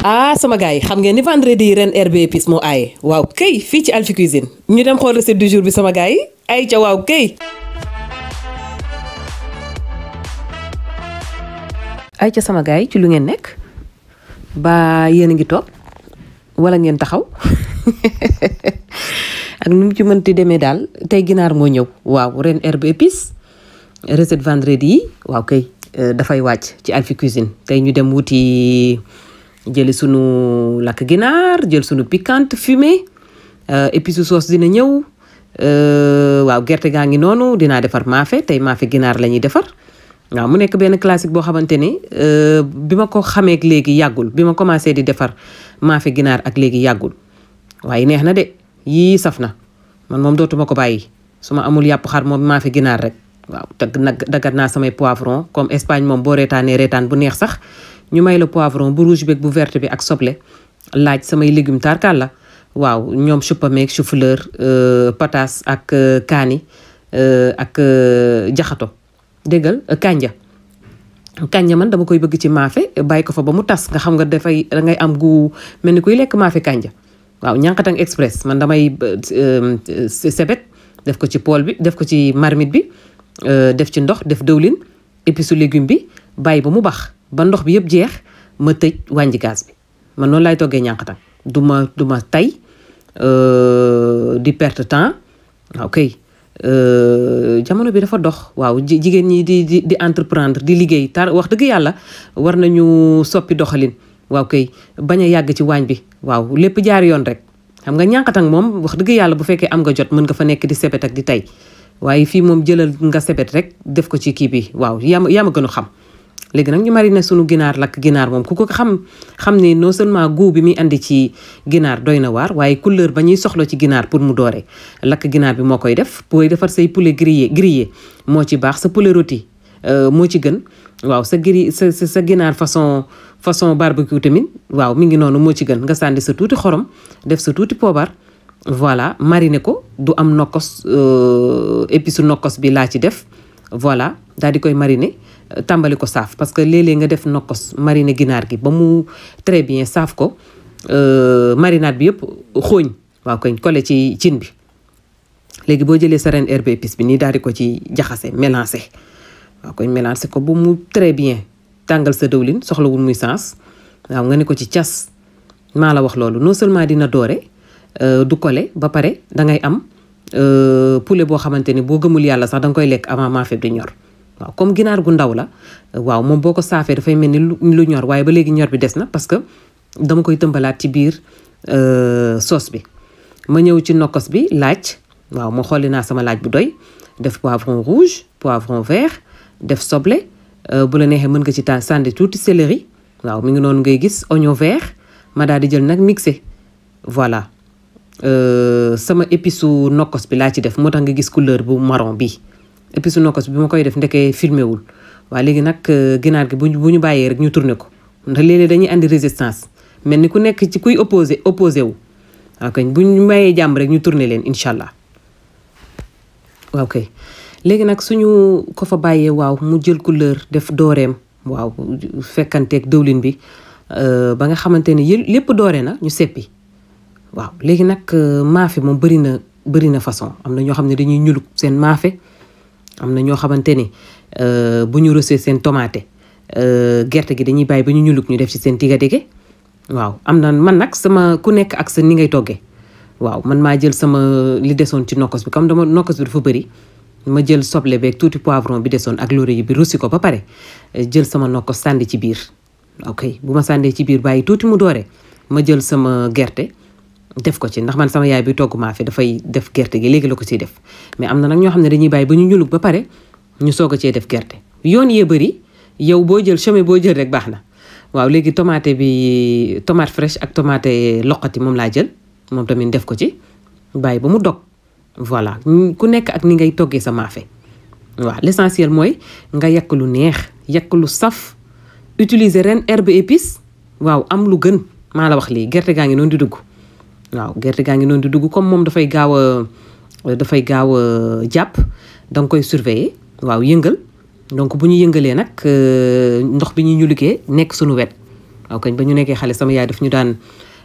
ah sama gars yi xam ngeen ni vendredi yi ren herbe épice moo aaye waaw kay fii ci Alphie Cuisine ñu dem xool recette du jour bi sama gars yi ay ca waaw kay. ay ca sama gars yi ci lu ngeen nekk ba yéen a ngi toog wala ngeen taxaw. ak nu mu ci mënti demee daal tey ginaar moo ñëw waaw ren herbe épice recette vendredi yi waaw kay euh, dafay wàcc ci Alphie Cuisine tey ñu dem wuti jëli sunu lakk ginaar jël sunu piquante fumé épices euh, sauce dina ñëw euh, waaw gerte gaa ngi noonu dinaa defar maafe tey maafe ginaar la ñuy defar waaw mu nekk benn classique boo xamante ni euh, bi ma ko xamee ak léegi yàggul bi ma commencé di defar maafe ginaar ak léegi yàggul waaye neex na de yii saf na man moom dootuma ko bàyyi su ma amul yàpp xar moom maafe ginaar rek waaw te nag dagat naa samay poivron comme Espagne moom boo reetaanee reetaan bu neex sax ñu may la poivron bu rouge beeg bu verte bi ak soble laaj samay légumes tarkal la waaw ñoom chou pommé chou fleur euh, patas ak euh, kaani euh, ak jaxato déggal kànja kànja man dama koy bëgg ci maafe bàyyi ko fa ba mu tas nga xam nga dafay da ngay am gu mel ni kuy lekk maafe kànja waaw ñànkatang express man damay sebet def ko ci pool bi def ko ci marmit bi def ci ndox def dëwlin épice su légume bi bàyyi ba mu baax ba ndox bi yëpp jeex ma tëj wàññi gaz bi man noonu laay toggee ñànkatan du ma du ma tay euh, di perte temps ah, ok euh, jamono bi dafa dox waaw jigéen ñi di di di entreprendre di liggéey tar wax dëgg yàlla war nañu soppi doxalin waaw kay bañ a yàgg ci waañ bi waaw lépp jaar yoon rek xam nga ñànkatan moom wax dëgg yàlla bu fekkee am nga jot mën nga fa nekk di sebet ak di tey waaye fii moom jëlal nga sebet rek def ko ci kii bi waaw yaa ma yaa ma gën a xam léegi nag ñu mariner suñu ginaar lakk ginaar moom ku ko xam xam ne noo seulement goût bi muy indi ci ginaar doy na waar waaye couleur ba ñuy soxla ci ginaar pour mu doore lakk ginaar bi moo koy def booy defar say poulet grillé grillé moo ci baax sa poulet rôti euh, moo ci gën waaw sa giri sa sa ginaar façon façon barbecue tamit waaw mi ngi noonu moo ci gën nga sànni sa tuuti xorom def sa tuuti poobar voilà mariner ko du am nokkos euh, épice nokkos bi laa ci def voilà daal di koy mariner euh, tàmbali ko saaf parce que léeg-léeg nga def nokkos marine ginaar gi ba mu très bien saaf ko euh, marinade bi yëpp xooñ waaw koñ kole ci cin bi léegi boo jëlee sa ren herbe épice bi nii daal di ko ci jaxase mélanger waaw koñ mélanger ko ba mu très bien tàngal sa dëwlin soxlawul muy sens waaw nga ne ko ci cas maa la wax loolu non seulement dina doore euh, du collé ba pare da ngay am Euh, poulet boo xamante ni boo gëmul yàlla sax danga koy lekk avant maafe di ñor waaw comme ginaar gu ndaw la waaw moom boo ko saafee dafay mel ni lu ñor waaye ba léegi ñor bi des na parce que dama koy tëmbalaat ci biir euh, sauce bi ma ñëw ci nokkos bi laaj waaw ma xolli naa sama laaj bu doy def poivron rouge poivron vert def soble euh, bu la neexee mën nga ci taal sànni tuuti céleri waaw mi ngi noonu ngay gis oignon vert ma daal di jël nag mixé voilà Euh, sama épice su nokkos bi laa ci def moo tax nga gis couleur bu marron bi épice su nokkos bi ma koy def ndekee filmé wul waaye léegi nag euh, ginaar gi bu ñu bu ñu bàyyee rek ñu tourné ko ndax léeg-léeg dañuy andi résistance mel ni ku nekk ci kuy opposé opposé wu waaw kay bu ñu bàyyee jàmm rek ñu tourné leen incha allah waaw nag suñu ko fa bàyyee waaw mu jël couleur def dooreem waaw fekkanteeg dëwlin bi euh, ba nga xamante ni lépp doore nag ñu seppi. waaw léegi nag euh, maafe moom bëri na bëri na façon am na ñoo xam ne dañuy ñulug seen maafe am na ñoo xamante ne euh, bu ñu rosee seen tomate euh, gerte gi dañuy bàyyi ba ñu ñulug ñu def ci seen tigadege waaw am na man nag sama ku nekk ak sa ni ngay toggee waaw man maa jël sama li desoon ci nokkos comme dama nokkos bi dafa bëri ma jël soble beeg tuuti poivron bi desoon ak laurier bi russi ko ba pare jël sama nokkos sànni ci biir ok bu ma sànnee ci biir bàyyi tuuti mu doore ma jël sama gerte def ko ci ndax man sama yaay bi togg maa dafay def gerte gi léegi la ko ciy def mais am na nag ñoo xam ne dañuy bàyyi ba ñu ñulug ba pare ñu soog a cee def gerte yoon yee bëri yow boo jël chemin boo jël rek baax na waaw léegi tomate bi tomate fraîche ak tomate loqati moom laa jël moom tamit def ko ci bàyyi ba mu dog voilà ku nekk ak ni ngay toggee sa maafe waaw l'essentiel mooy nga yàq lu neex yàq lu saf utiliser ren herbe épice waaw am lu gën maa la wax lii gerte gaa ngi noonu di dugg waaw gerte gaa ngi noonu di dugg comme moom dafay gaaw dafay gaaw a jàpp danga koy surveiller waaw yëngal donc bu ñu yëngalee nag euh, ndox bi ñuy ñuligee nekk suñu wet waaw kañ ba ñu nekkee xale sama yaay daf ñu daan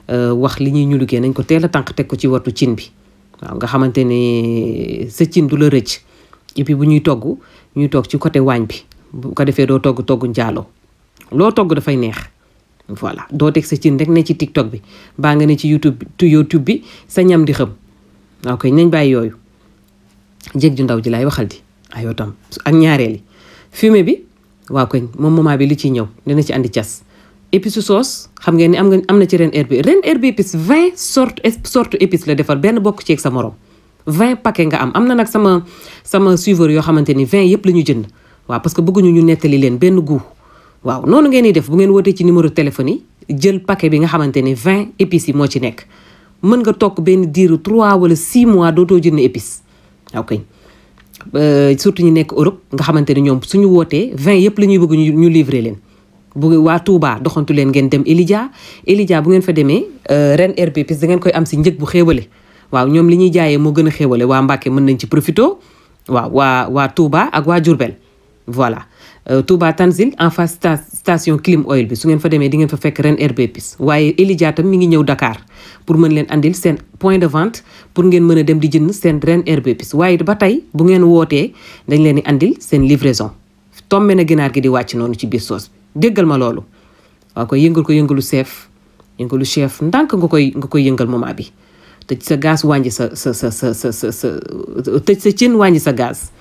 euh, wax li ñuy ñuligee nañ ko teel a tànq teg ko ci watu cin bi waaw nga xamante ne sa cin du la rëcc et puis bu ñuy togg ñuy toog ci côté waañ bi bu ko defee doo togg togg njaaloo loo togg dafay neex voilà doo teg sa cin rek ne ci tiktok bi baa nga ne ci youtube tu youtube bi sa ñam di xëm waaw koy nañ bàyyi yooyu jéeg ju ndaw ji laay waxal di ayoo ak ñaareel yi fumier bi waa koñ moom moment bi li ciy ñëw dina ci indi cas épice soos xam ngeen ni am nga am na ci ren heure bi ren heure bi épice vingt sorte sorte la defar benn bokk ceek sa morom vingt paquet nga am am na nag sama sama suiveur yoo xamante ni vingt yëpp la ñu jënd waa parce que bëgguñu ñu nettali leen benn goût waaw noonu ngeen di def bu ngeen wootee ci numéro téléphone yi jël paquet bi nga xamante ne 20 épices yi moo ci nekk mën nga toog benn diiru 3 wala 6 mois dootoo jënd épices ok euh, surtout ñi nekk Europe nga xamante ne ñoom suñu wootee 20 yëpp la ñuy bëgg ñu livrer leen. bu waa Touba doxantu leen ngeen dem Elidia Elidia bu ngeen fa demee euh, ren herbe épices da ngeen koy am si njëg bu xéewale waaw ñoom li ñuy jaayee moo gën a xéewale waa Mbàkke mën nañ ci profito waaw waa waa Touba ak waa Diourbel voilà euh, Touba Tanzil en face station Clim Oil bi su ngeen fa demee di ngeen fa fekk Ren Herbes Épices waaye Ely tam mi ngi ñëw dakaar pour mën leen andil seen point de vente pour ngeen mën a dem di jënd seen Ren Herbes Épices waaye ba tey bu ngeen wootee dañ leen di andil seen livraison tombé na ginaar gi di wàcc noonu ci biir soos bi déggal ma loolu waaw koy yëngal ko yëngalu chef yëngalu chef ndànk nga koy nga koy yëngal moment bi tëj sa gaz wàññi sa sa sa sa sa sa wàññi sa gaz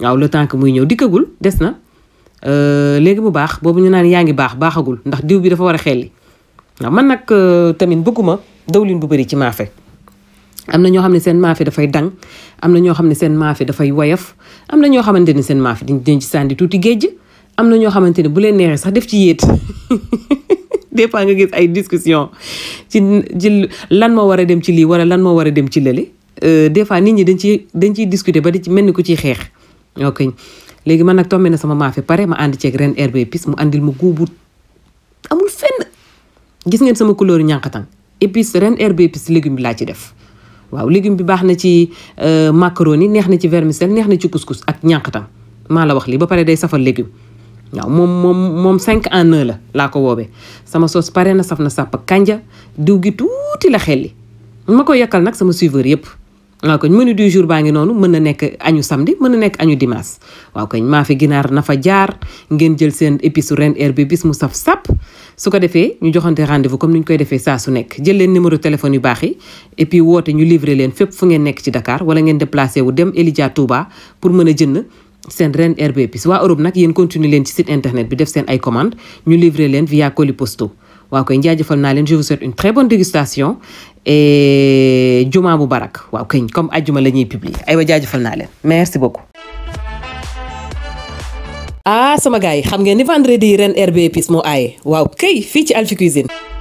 waaw le temps muy ñëw dikkagul des na euh, léegi bu baax boobu ñu naan yaa ngi baax baaxagul ndax diw bi dafa war a xelli waaw man nag euh, tamit bëgguma dawlin bu bëri ci maafe am na ñoo xam ne seen maafe dafay dang am na ñoo xam ne seen maafe dafay woyof am na ñoo xamante ne seen maafe dañ dañ ci sànni tuuti géej am na ñoo xamante ne bu leen neexee sax def ci yéet des fois nga gis ay discussion ci ci lan moo war a dem ci lii wala lan moo war a dem ci lële euh, des fois nit ñi dañ ci dañ ciy discuter ba di ci mel ni ku ciy xeex ok léegi man nag tombé na sama maafe pare ma ànd ceeg ren herbe épice mu àndil mu guubu amul fenn gis ngeen sama couleur yu ñànkatan ren herbe épice légume bi laa ci def waaw légume bi baax na ci euh, macaroni neex na ci vermicelle neex na ci couscous ak ñànkatan maa la wax lii ba pare day safal léegi waaw moom moom moom cinq en un la laa ko woobee sama sauce pare na saf na sàpp kanja diw gi tuuti la xelli ma koy yakkal nag sama suiveur yëpp waaw koñ menu du jour baa ngi noonu mën na nekk añu samedi mën na nekk añu dimanche waaw koñ maa fi ginaar na fa jaar ngeen jël seen épice ren heure bi bis mu saf sap su ko defee ñu joxante rendez-vous comme ni ñu koy defee saa su nekk jël leen numéro yu baax yi et puis woote ñu livrer leen fépp fu ngeen nekk ci Dakar wala ngeen déplacé wu dem Elidia Touba pour mën a jënd seen ren heure bi épice waa Europe nag yéen continuer leen ci site internet bi def seen ay commande ñu livrer leen via colis posto waaw koy jaajëfal naa leen je vous souhaite une très bonne dégustation et juma bu barak waaw koy comme ajjuma la ñuy publier aywa jaajëfal naa leen merci beaucoup. ah sama gars yi xam ngeen ni vendredi ren herbe épice moo aaye waaw kay fii ci Alphie